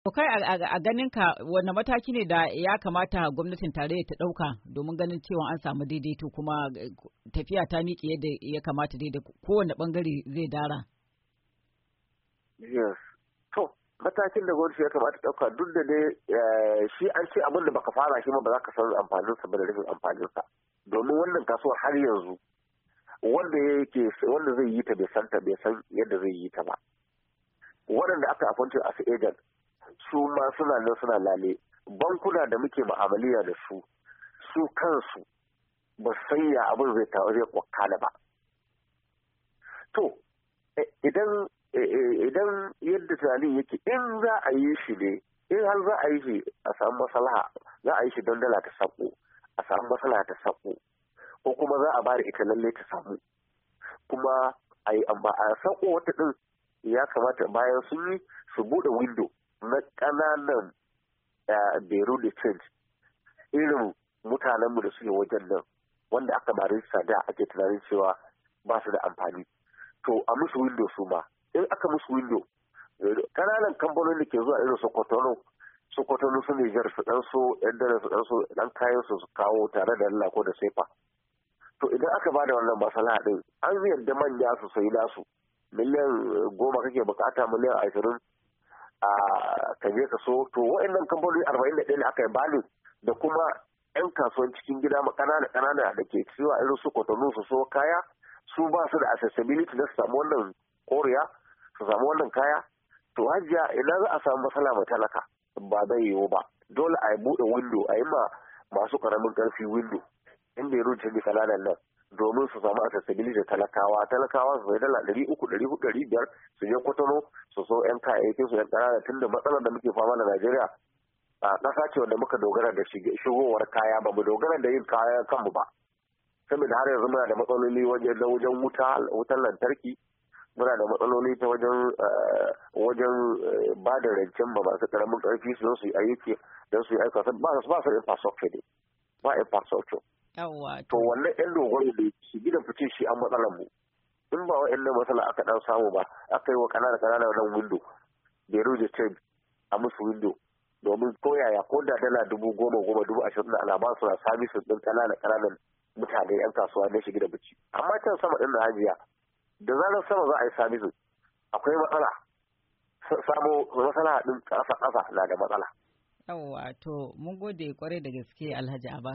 Ko kai a ganin ka wanne mataki ne da ya kamata gwamnatin tarayya ta ɗauka domin ganin cewa an samu daidaito kuma eh, tafiya ta miƙe yadda ya kamata daidai kowane ɓangare zai dara. Yes. To, matakin da gwamnati ya kamata ɗauka duk da dai eh, shi an ce abin da baka fara shi ma ba za ka san amfaninsa ba da rashin amfaninsa. Domin wannan kasuwar har yanzu wanda yake wanda zai yi ta bai san ta bai san yadda zai yi ta ba. Waɗanda aka appointed a su su ma suna nan suna lale bankuna da muke ma'amaliya da su su kansu ba san ya abin zai tawo zai kwakala ba to eh, eh, eh, idan yadda tunanin yake in za a yi shi ne in har za a yi shi a samu maslaha za a yi shi don dala ta sako a samu maslaha ta sako ko kuma za a bada ita lalle ta samu kuma a yi amma a sako wata din ya kamata bayan sun yi su buɗe window na ƙananan eh, beirut exchange irin mutanenmu da suke wajen nan wanda aka mare su da ake tunanin cewa ba su da amfani to a musu window su ma in aka musu window ƙananan kamfanonin da ke zuwa irin su kotono su kotono su nijar su ɗan so yan dare su ɗan so ɗan kayan su kawo tare da lalla ko da sefa to idan aka ba da wannan masala ɗin an yadda manya su sayi nasu miliyan eh, goma kake bukata miliyan ashirin ka je ka so to wa'annan kamfanoni arba'in da ɗaya ne aka yi balin da kuma 'yan kasuwan cikin gida ƙanana ƙanana da ke cewa irin su kwatano su so kaya su ba su da accessibility na su samu wannan koriya su samu wannan kaya to hajiya ina za a samu matsala mai talaka ba zai yiwu ba dole a buɗe windo a yi ma masu ƙaramin ƙarfi windo in bai rubuta bi kananan nan domin su samu accessibility talakawa talakawa su dala ɗari uku ɗari hudu ɗari biyar su je kwatano su so yan kayayyakin su yan tun tunda matsalar da muke fama da Najeriya a ƙasa ce wanda muka dogara da shigowar kaya ba mu dogara da yin kaya kanmu ba saboda har yanzu muna da matsaloli wajen da wajen wuta wutar lantarki muna da matsaloli ta wajen eh, wajen eh, ba da rancen ba masu ƙaramin ƙarfi su don su yi ayyuki don su yi aika ba su ba su infrastructure ne ba infrastructure to wannan yan dogon da shi gidan fice shi an matsalar mu in ba wa'in nan matsala aka dan samu ba aka yi wa kanana kanana nan windo da ya cin a musu windo domin ko yaya ko da dala dubu goma goma dubu ashirin da ana ba su na samisin din kanana kananan mutane yan kasuwa na shi gidan fice amma can sama din na hajiya da zarar sama za a yi su, akwai matsala samo matsala din ƙasa ƙasa na da matsala. Yawwa to mun gode kwarai da gaske Alhaji Abba.